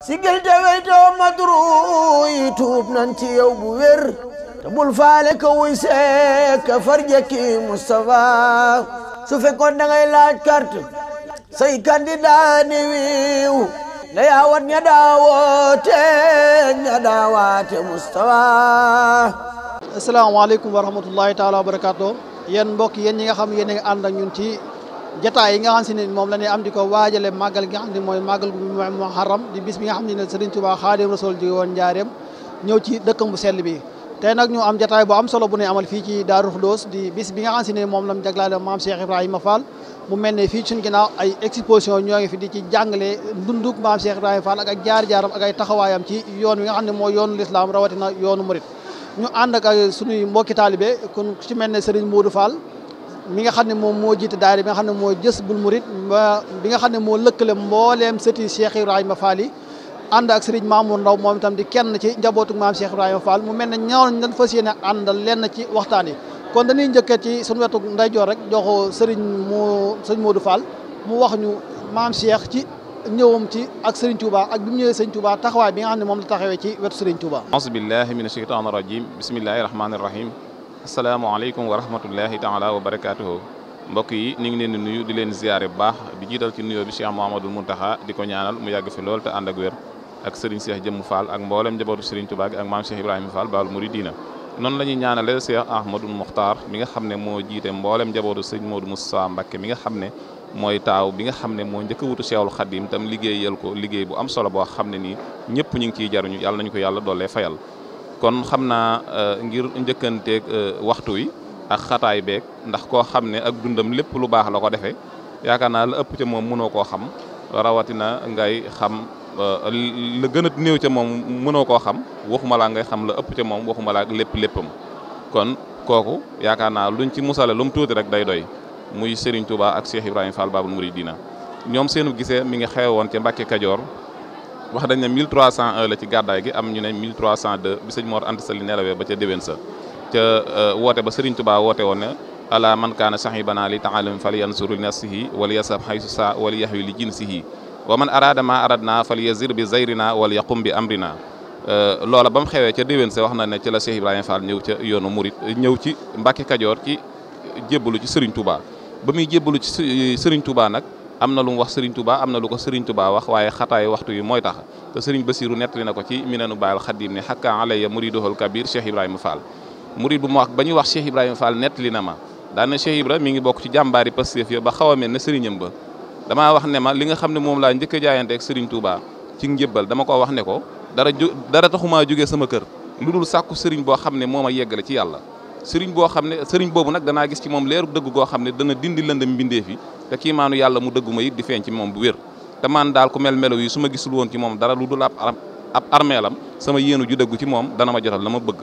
sigil te weytoo madru yi tuub nan ci yow bu wér te bul faale ka wuy seek ka farjekki Moustapha su fekkoon da ngay laaj carte say candidat wiiw na yaawat ña daawoote ña daawaate Moustapha asalaamaaleykum wa wa barakaatu yéen mbokk yéen ñi nga xam yéen a ngi ànd ci jataay yi nga xam si ne moom la ñuy am di ko waajale màggal gi nga xam ne mooy màggal gu muharram di bis bi nga xam ne ne Serigne Touba Xaadim Rasul jóge woon njaareem ñëw ci dëkkam bu sell bi te nag ñu am jataay bu am solo bu ne amal fii ci Daaru Xudoos di bis bi nga xam si ne moom la mu jaglaale maam Cheikh Ibrahima Fall mu mel ne fii suñ ginnaaw ay exposition ñoo ngi fi di ci jàngale dunduk maam Cheikh Ibrahima Fall ak ay jaar-jaaram ak ay taxawaayam ci yoon wi nga xam ne mooy yoonu lislaam rawatina yoonu murit ñu ànd ak suñuy mbokki taalibe kon ci mel ne Serigne Modou Fall mi nga xam ne moom moo jiite daayira bi nga xam ne moo Jazbul Murid bi nga xam ne moo lëkkale mbooleem sëti Cheikh Ibrahima Fall yi ànd ak Serigne Mamour Ndaw moom itam di kenn ci njabootu maam Cheikh Ibrahima Fall mu mel ne ñooñu dañ fas yéene àndal lenn ci waxtaan kon dañuy njëkkee ci suñu wetu ndeyjoor rek jox Serigne moo Serigne Modou Fall mu wax ñu maam Cheikh ci ñëwam ci ak Serigne Touba ak bi mu Serigne Touba taxawaay bi nga xam ne la taxawee ci wetu Serigne Touba. auzu billahi mina shaytaani rajim bismillahi rahmaani rahim السلام عليكم ورحمة الله تعالى وبركاته بكي نيجي نيو دلنا زيارة باه بيجي دلك نيو بشيء محمد المنتهى ديكون يانال مياك في لول تاندغوير أكسرين سيا جم مفعل أن بولم جبرو سرين تباغ أن مام سيا إبراهيم مفعل بال مريدينا نون لني يانال سيا أحمد المختار مياك خمنة موجي تام بولم جبرو سرين مود مصا بكي مياك خمنة moy taw bi nga xamne mo ndek wutu cheikhul khadim tam liggeeyal ko liggey bu am solo bo xamne ni ñepp ñu ngi ci jaruñu yalla nañ ko yalla kon xam naa euh, ngir njëkkanteeg euh, waxtu wi ak xataay beeg ndax koo xam ne ak dundam lépp lu baax la ko defee yaakaar naa la ëpp ca moom mënoo koo xam rawatina ngay xam euh, la gën a néew ca moom mënoo koo xam waxuma laa ngay xam la ëpp ca moom waxuma laa lépp léppam kon kooku yaakaar naa luñ ci musale lu mu tuuti rek day doy muy Serigne Touba ak seex Cheikh Ibrahima Fall Babul Mouridina ñoom seenu gisee mi ngi woon ca Mbàkke Kajoor wax dañ ne 1301 la ci gaday gi am ñu ne 1302 bi sëñ Mor Anta Sali nelawee ba ca déwén sa ca woté ba señ Touba woté woon ala man kana sahibana li taalim fali yansuru li nafsihi wali yasab haysu sa wali yahwi li jinsihi wa man araada ma aradna falyazir bi zairina wal yaqum bi amrina lola bam xewé ca déwén sa wax na ne ci la Cheikh ibrahim Fall ñëw ca yoonu mourid ñëw ci mbacke kadior ci jébbalu ci señ Touba ba muy jébbalu ci señ Touba nak am na lu mu wax Serigne Touba am na lu ko Serigne Touba wax waaye xataay waxtu yi mooy tax te Serigne Bassirou nettali na ko ci minanu Baal Xadim ne xakka alaya muriduhul kabir Cheikh Ibrahima Fall murid bu ma wax ba ñu wax Cheikh Ibrahima Fall nettali na ma daana Cheikh Ibra mi ngi bokk ci jàmbaari Pastef yo ba xaw a mel ne sëriñam ba damaa wax ne ma li nga xam ne moom laa njëkk a jaayante ak Serigne Touba ci njëbbal dama ko wax ne ko dara ju dara taxumaa jógee sama kër lu dul sàkku sëriñ boo xam ne moo ma yeggale ci yàlla sëriñ boo xam ne sëriñ boobu nag danaa gis ci moom leeru dëgg goo xam ne dana dindi lëndëm mbindeef yi te ki manu yàlla mu deuguma yit di feeñ ci mom bu wér te man dal ku mel melo yi suma gisul won ci mom dara lu dul ab ab armeelam sama yéenu ju dëggu ci mom dana ma jotal lama ma bëgg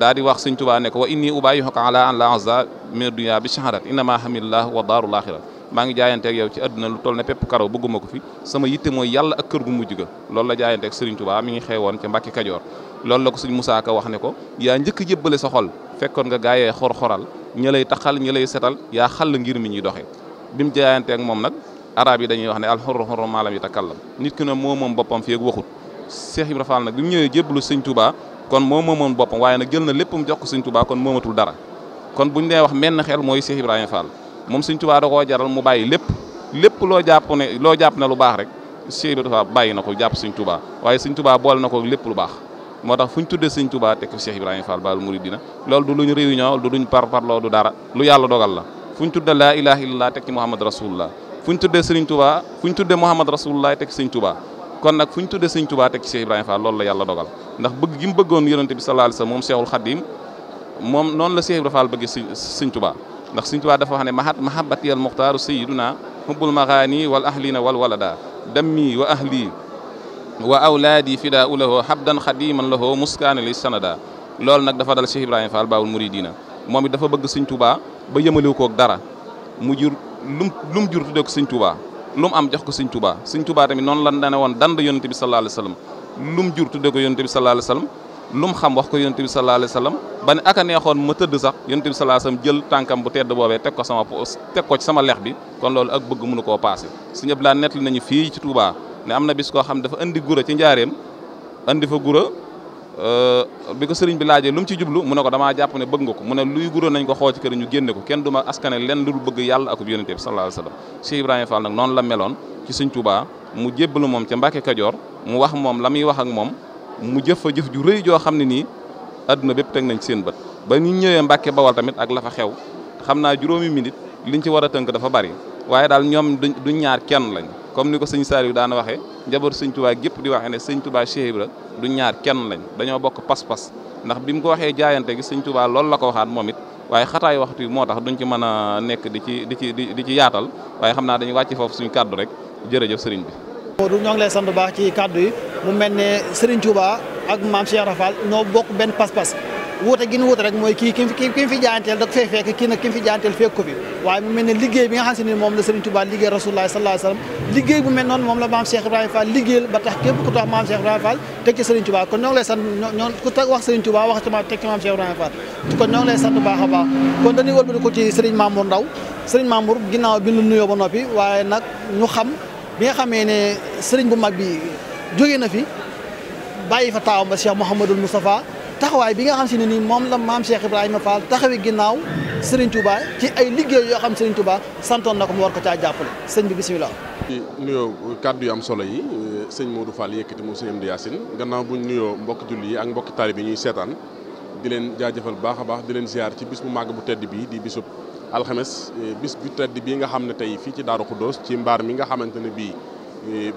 daa di wax sëñ touba ne ko wa inni ubayyuka ala an la azza min dunya bi shahadat innama hamillah wa darul akhirah ma ngi jaayante ak yow ci aduna lu tol ne pep karaw bëgguma ko fi sama yitte moy yàlla ak kër gu mujj ga loolu la ak Sëriñ touba mi ngi xewoon ci Mbàkke kadior loolu la ko sëñ Musaa Ka wax ne ko ya njëkk jébbale sa xol fekkon nga gaayé xor-xoral ñalay taxal ñalay setal ya xal ngir mi ñi doxé bi mu jaayantee ak moom nag arab yi dañuy wax ne alxurru xurru maalam yi takallam nit ki na moo moom boppam fii ak waxut Seex Ibra Faal nag bi mu ñëwee jébbalu sëñ Touba kon moo moomoon boppam waaye nag jël na léppam jox ko sëñ kon moomatul dara kon bu ñu nee wax menn xel mooy Seex Ibrahima Fall moom sëñ Touba da koo jaral mu bàyyi lépp lépp loo jàpp ne loo jàpp ne lu baax rek Seex Ibrahima Fall bàyyi na ko jàpp sëñ Touba waaye sëñ Touba boole na ko lépp lu baax moo tax fu ñu tuddee sëñ Touba tekk Seex Ibrahima Fall baalu murid dina loolu du luñ réunion du duñ par loo du dara lu yàlla dogal la فين تود لا إله إلا الله تك محمد رسول الله فين تود سرين توبا فين تود محمد رسول الله تك سرين توبا كون نك فين تود سرين توبا تك شيخ إبراهيم فالله الله يالله دغال نك بق جيم بقون يرن تبي صلى الله عليه وسلم سيا الخديم مم نون لسيا إبراهيم فال بق سرين توبا نك سرين توبا دفعه هني مهات مهابتي المختار سيدنا حب المغاني والأهلين والولدا دمي وأهلي وأولادي فداء له حبدا خديما له مسكان للسندا لول نك دفع دل إبراهيم فال باول مريدينا دفع بق سرين توبا ba yëmaliwu koog dara mu jur lum lum jur tuddee ko sëñ Touba lum am jox ko sëñ Touba sëñ Touba tamit noonu la dane woon dand yonente bi sallallahu alayhi wasallam lum jur tuddee ko yonente bi sallallahu alayhi wasallam lum xam wax ko yonente bi sallallahu alayhi wasallam ba ne aka neexoon ma tëdd sax yonente bi sallallahu alayhi wasallam jël tànkam bu tedd boobee teg ko sama teg ko ci sama lex bi kon loolu ak bëgg mënu koo paase sëñ Abdou Lahad nettali nañu fii ci Touba ne am na bis koo xam dafa indi gura ci indi fa gura Euh, bi ko sëriñ bi laajee lu mu ci jublu mu ne ko damaa jàpp ne bëgg nga ko mu ne luy guróon nañ ko xoo ci kër ñu génne ko kenn du ma askane lenn lu bëgg yàlla akub yonente bi sallallahu alayhi wasallam Cheikh Ibrahima Fall nag noonu la meloon ci sëñ Touba mu jébbalu moom ca Mbàkke Kajoor mu wax moom la muy wax ak moom mu jëf fa jëf ju rëy joo xam ne nii adduna bépp teg nañ ci seen bët ba ñu ñëwee Mbàkke Bawal tamit ak la fa xew xam naa juróomi minute liñ ci war a tënk dafa bari waaye daal ñoom duñ ñaar kenn lañ comme ni ko sëñ Saliou daana waxee njaboot sëñ Touba gépp di waxee ne sëñ Touba Cheikh du ñaar kenn lañ dañoo bokk pas-pas ndax bi mu ko waxee jaayante gi sëñ Touba loolu la ko waxaat moom waaye xataay waxtu yi moo tax duñ ci mën a nekk di ci yaatal waaye xam naa dañuy wàcc foofu suñu kàddu rek jërëjëf sëriñ bi Modou ñoo ngi lay sant baax ci kàddu yi mu mel ne Serigne Touba ak maam Cheikh Rafal ñoo bokk benn pas-pas wuute gi ñu wuute rek mooy kii ki ki fi jaayanteel da fee fekk kii nag ki fi jaayanteel fekk ko fi waaye mu mel liggéey bi nga xam si moom la Serigne Touba liggéey Rasulullah sallallahu alayhi wasallam liggéey bu mel noonu moom la maam Cheikh Ibrahima Fall liggéeyal ba tax képp ku tax maam Cheikh Ibrahima Fall kon ñoo lay sant baax a baax kon dañuy wëlbati ko ci Serigne Mamour Ndaw Serigne Mamour ginnaaw bi ñu nuyoo ba noppi waaye nag ñu xam bi nga xamee ne Serigne bu mag bi jógee na fi bàyyi fa taawam ba Cheikh Mouhamadul Moustapha taxawaay bi nga xam si ne nii moom la maam Cheikh Ibrahima Fall taxawi ginnaaw Serigne Touba ci ay liggéey yoo xam Serigne Touba santoon na ko mu war ko caa jàppale sëñ bi bisimilah. ci nuyoo kàddu yu am solo yi euh, sëñ Modou Fall yëkkati moom sëñ Amdi Yacine gannaaw buñ nuyoo mbokki julli yi ak mbokki taalib yi ñuy seetaan di leen jaajëfal baax a baax di leen ziar ci bis bu màgg bu tedd bii di bisub alxames euh, bis bu tedd bii nga xam ne tey fii ci Daaru Xuddoos ci mbaar mi nga xamante ne bii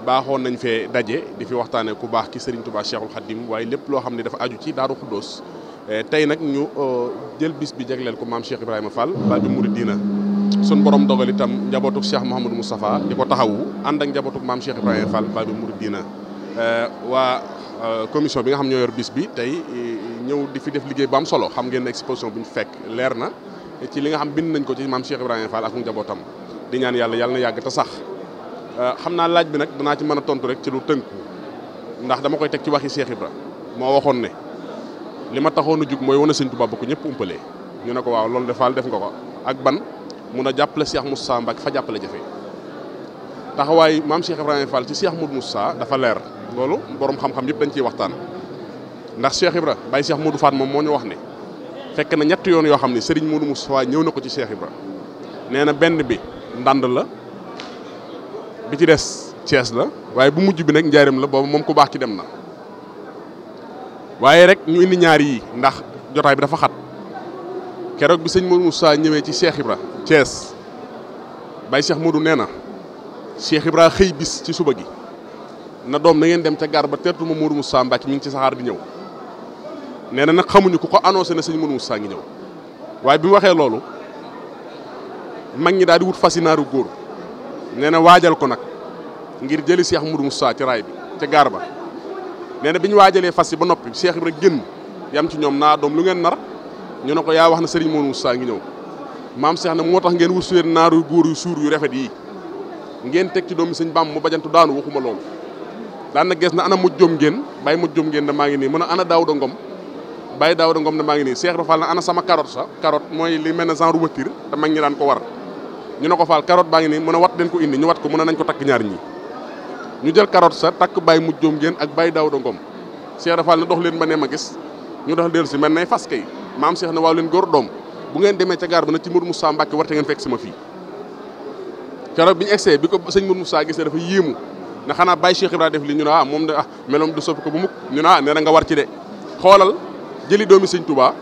baaxoon nañ fee daje di fi waxtaanee ku baax ki Serigne Touba Cheikhul Khadim waaye lépp loo xam ne dafa aju ci Daaru Xuddoos eh, tey nag ñu euh, jël bis bi jagleel ko maam Cheikh Ibrahima Fall Babi Mouridina sun borom dogal itam njabootuk Cheikh Mouhamadou Moustapha di ko taxawu ànd ak njabootuk maam Cheikh Ibrahima Fall Babi Mouridina eh, waa euh, commission bi nga xam ñoo yor bis bi tey eh, ñëw di fi def liggéey bu am solo xam ngeen exposition bu ñu fekk leer na ci li nga xam bind nañ ko ci maam Cheikh Ibrahima Fall ak njabootam di ñaan yàlla yàlla na yàgg te sax Euh, xam naa laaj bi nag danaa ci mën a tontu rek ci lu tënku ndax dama koy teg ci waxi Cheikh Ibra moo waxoon ne li ma taxoon a jug mooy wane Sëñ Tuubaa ba ko ñëpp umpalee ñu ne ko waaw loolu defaal def nga ko ak ban mun a jàppale Cheikh Moussa Mbacke fa jàppale jafe taxawaay maam Cheikh Ibrahima Fall ci Cheikh Modou saa dafa leer loolu borom xam-xam yëpp dañ ciy waxtaan ndax Cheikh Ibra seex Cheikh du Faat moom moo ñu wax ne fekke na ñett yoon yoo xam ne Serigne Modou Moussa ñëw na ko ci Cheikh Ibra nee na benn bi ndànd la. bi ci des cees la waaye bu mujj bi nag njaareem la boobu moom ku baax ci dem na waaye rek ñu indi ñaar yi ndax jotaay bi dafa xat keroog bi sëñ mu saa ñëwee ci Cheikh Ibra cees bay Cheikh Modou nee na Cheikh Ibra xëy bis ci suba gi na doom na dem ca gaar ba teertu ma mu Moussa Mbacke mi ngi ci saxaar bi ñëw nee na nag xamuñu ku ko annoncé na sëñ Modou saa ngi ñëw waaye bi mu waxee loolu mag ñi daal di wut naaru góor nee na waajal ko nag ngir jëli Cheikh Moudou Moussa ci raay bi ca gaar ba nee na bi ñu waajalee fas yi ba noppi Cheikh rek génn yam ci ñoom naa doom lu ngeen nar ñu ne ko yaa wax na moo Moudou Moussa ngi ñëw maam seex na moo tax ngeen wut leen naaru góor yu suur yu rafet yi ngeen teg ci doomi sëñ Bàmb mu bajantu daanu waxuma loolu daan na gees na ana mujj joom ngeen bàyyi mujj joom ngeen da maa ngi nii mën a ana Daawda Ngom bàyyi Daawda Ngom da maa ngi nii Cheikh Ibra Fall na ana sama carotte sa carotte mooy li mel ne genre voiture te ñi daan ko war ñu ne ko faal carotte baangi ni nii mën wat den ko indi ñu wat ko mën nañ ko tak ñaar ñi ñu jël carotte sa bay mu joom gene ak bay daaw da ngom Cheikh Rafal na dox leen ba ne gis ñu dox del ci melne fas kay maam Cheikh na waaw leen gor dom bu ngeen deme ca garbu na ci Mourou Moussa Mbacke warte ngeen fek sama fi carotte biñu bi biko seigne Mourou Moussa gis dafa na xana bay Cheikh ibrahim def li ñu na ah de ah melom du soppi ko bu muk ñu ne ah, nga war ci de xolal jëli domi seigne Touba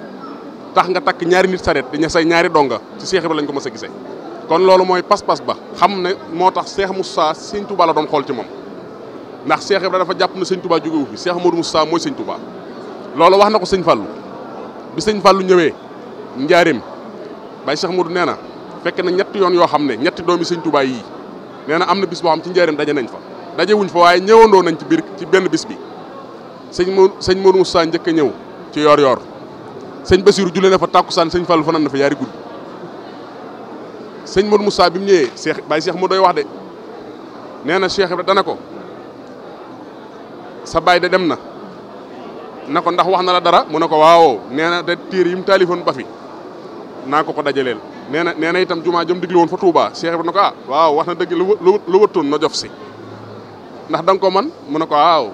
tax nga tak ñaari nit saret di say ñaari donga ci Cheikh ibrahim lañ ko mësa kon lolu moy pas-pas ba xamne motax Cheikh Moussa seigne Touba la doon xol ci mom ndax Cheikh Ibrahima dafa japp na seigne Touba jogewu fi Cheikh Modou Moussa moy seigne Touba lolu wax na ko fallu bi seigne fallu ñewé ndiarim bay Cheikh Modou neena na fekk na ñett yoon yo xamne ñett doomi seigne Touba yi neena amna na bis bo xam ci ndiarim dajé nañ fa dajé wuñ fa waye ñewondo nañ ci bir ci benn bis bi seigne seigne Modou Moussa ñëk ñew ci yor yor seigne basirou julé na fa tàkkusaan sëñ Fallou fanaan na fa yari gudd sëñ Modou Moussa bi mu ñëwee Cheikh Baye Cheikh moo doy wax de nee na Cheikh Ibra dana ko sa baay de dem na na ko ndax wax na la dara mun ne ko waaw nee na de téere yi mu taalifoon ba fi naa ko ko dajaleel. nee na nee na itam jumaa jëm digli woon fa Touba Cheikh Ibra na ko ah waaw wax na dëgg lu lu wëttoon na jof si ndax da ko man mu ne ko waaw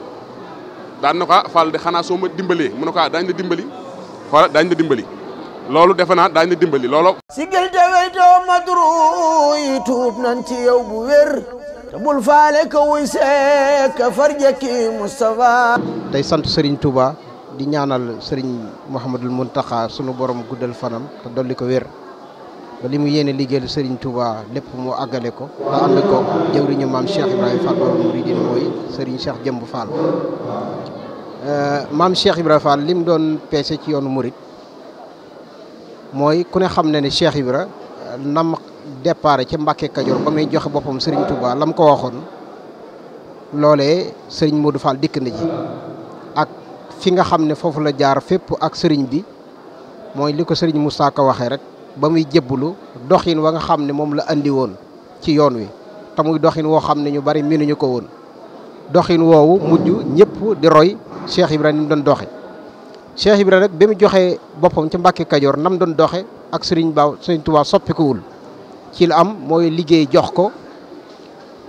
daan na ko ah Fall de xanaa soo ma dimbalee mu ne ko ah daañu la dimbali xoola daañu la dimbali. loolu defe naa la dimbali loolo sigel te weytoo madru yi tuub nan ci yow bu wér te bul faale ka wuy seek far jekki Moustapha tey sant Serigne Touba di ñaanal Serigne mohammedul muntaha sunu borom guddal fanam te doli ko wer ba limu yene yéene Serigne Touba lepp mo àggale ko te and ko ñu mam Cheikh ibrahim Fall borom moy Serigne Cheikh Fall euh, mam Cheikh ibrahim Fall lim doon peese ci yoonu mouride mooy ku ne xam na ne bi ra nam départ ci Mbàkke Kajoor ba muy joxe boppam Serigne Touba lam ko waxoon loolee Serigne Modou dikk na ak fi nga xam ne foofu la jaar fépp ak Serigne bi mooy li ko Serigne Moussa Ka waxee rek ba muy jébbalu doxin wa nga xam ne moom la indi woon ci yoon wi tamuy doxin woo xam ne ñu bari miinuñu ko woon doxin woowu mujj ñëpp di roy Cheikh Ibrahima doon doxe Cheikh Ibra nag ba mu joxee boppam ci Mbàkke Kajoor nam doon doxe ak sëriñ Baaw Serigne Touba soppikuwul ci la am mooy liggéey jox ko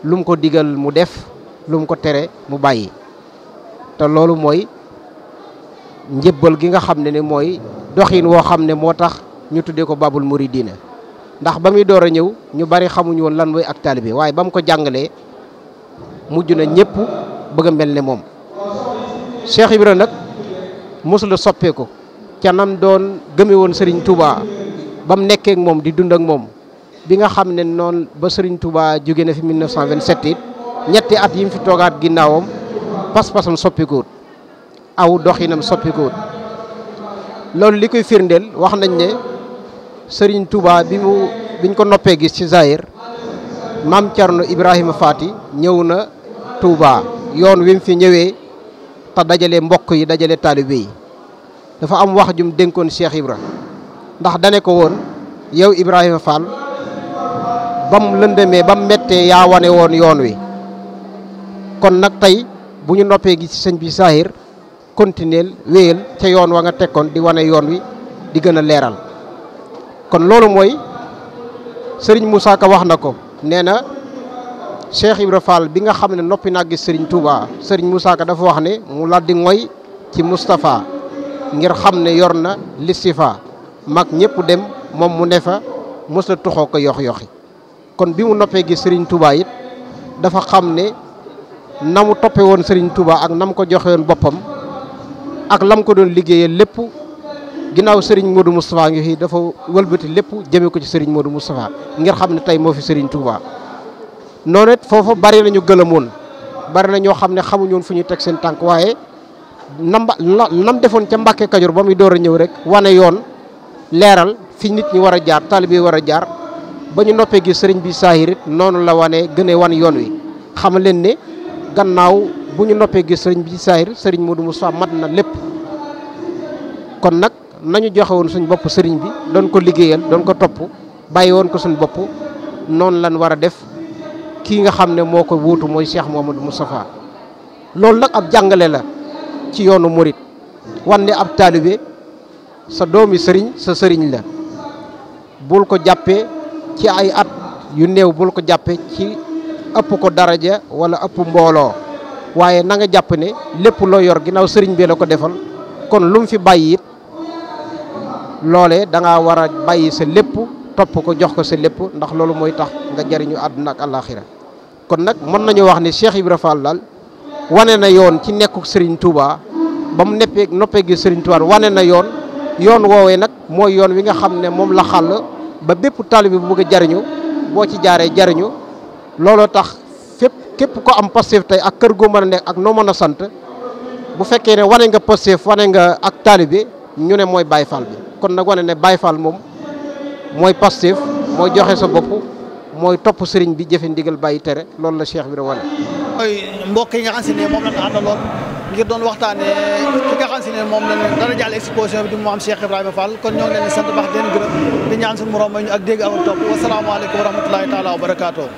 lum ko digal mu def lum ko tere mu bàyyi te loolu mooy njëbbal gi nga xam ne ne mooy doxin woo xam ne moo tax ñu tuddee ko babul muridina ndax ba muy door a ñëw ñu bari xamuñu woon lan mooy ak taalibe waaye ba mu ko jàngalee mujj na ñëpp bëgg a mel ne moom Cheikh Ibra nag mosula soppeeku ca nam doon gëme woon Serigne Touba ba mu nekkeek moom di dund ak moom bi nga xam ne noon ba Serigne Touba jóge na fi 1927 it ñetti at yi mu fi toogaat ginnaawam pas-pasam soppikuwut aw doxinam soppikuwut loolu li koy firndeel wax nañ ne sëriñ Touba bi mu biñ ko noppee gis ci Zahir maam Thierno Ibrahima Fati ñëw na Touba yoon wi mu fi ñëwee. ta dajale mbokk yi dajale taalibe yi dafa am wax jum dénkoon Cheikh Ibra ndax dane ko woon yow Ibrahima Fall bam lëndëmee mu mettee yaa wane woon yoon wi kon nag tey bu ñu noppee gi ci sëñ bi saahir continuel wéyal ca yoon wa nga tekkoon di wane yoon wi di gën a leeral kon loolu mooy sëriñ Moussa Ka wax na ko nee na Cheikh Ibra Fall bi nga xam ne noppi naa gis Serigne Touba Serigne Moussa Ka dafa wax ne mu laddi ngoy ci Moustapha ngir xam ne yor na listifa mag ñëpp dem moom mu ne fa mos la ko yox-yoxi kon bi mu noppee gis Serigne Touba it dafa xam ne na mu toppe woon sëriñ Touba ak na mu ko joxe woon boppam ak lam ko doon liggéeyee lépp ginnaaw Serigne Modou Moustapha ngi fi dafa wëlbati lépp jëmee ko ci Serigne Modou Moustapha ngir xam ne tey moo fi Serigne Touba. nonet fofu bari nañu gëlëmoon bari na xamne xamu ne fuñu tek seen tank waye nam nam defoon ci mbacké kadjur bamuy muy door rek wane yoon léral fi nit ñi wara jaar taalibe wara jaar bañu noppé gi sëriñ bi sahir nonu la wane gëné wan yoon wi xam leen ne gannaaw buñu noppé gi sëriñ bi sahir sëriñ Modou Moussa mat na lépp kon nak nañu joxe woon suñ bop sëriñ bi don ko liggéeyal don ko top bayiwon ko suñ bop non lan wara def ki nga xamne moko moo moy musafar. cheikh mohamadou mustafa lol nak ab jangale la ci yoonu murit wan ne ab talibé sa doomi serigne sa serigne la bul ko jappé ci ay at yu néew bul ko jappé ci ëpp ko daraja wala ëpp mbolo waye na nga japp ne lepp lo yor ginaaw serigne bi la ko defal kon lum bayi, fi danga wara bayi da nga wara bayyi sa lepp top ko jox ko sa lepp ndax moy tax nga jariñu aduna ak àllaaxira kon nag mën nañu wax ni Cheikh Ibra Fall daal wane na yoon ci nekkuk Serigne Touba ba mu neppee noppee gi Serigne Touba wane na yoon yoon woowee nag mooy yoon wi nga xam ne moom la xàll ba bépp taalibe bu bëgg jariñu boo ci jaaree jariñu looloo tax fépp képp ko am Pastef tey ak kër goo mën nekk ak noo mën a sant bu fekkee ne wane nga Pastef wane nga ak taalibe ñu ne mooy Baye Fall bi kon nag wane ne Baye Fall moom mooy Pastef mooy joxe sa bopp mooy topp sëriñ bi jëfe ndigal bàyyi tere loolu la cheikh bi da wane. mooy mbokk yi nga xam si ne moom la ñu àndaloon ngir doon waxtaanee ki nga xam si ne moom lañ dara jàll exposition bi di mu am Cheikh Ibrahima Fall kon ñoo ngi leen di baax di leen gërëm di ñaan suñu morom ñu ak dégg awal topp wasalaamaaleykum wa rahmatulahi taala wa barakaatoo.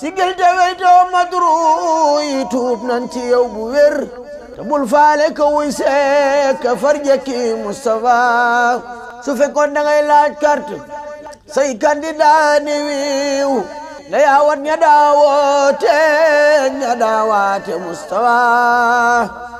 sigil te weytoo madru yi tuub nañ ci yow bu wér ko wuy seek say candidat ni wiiw ne yaa wat ña Mustafa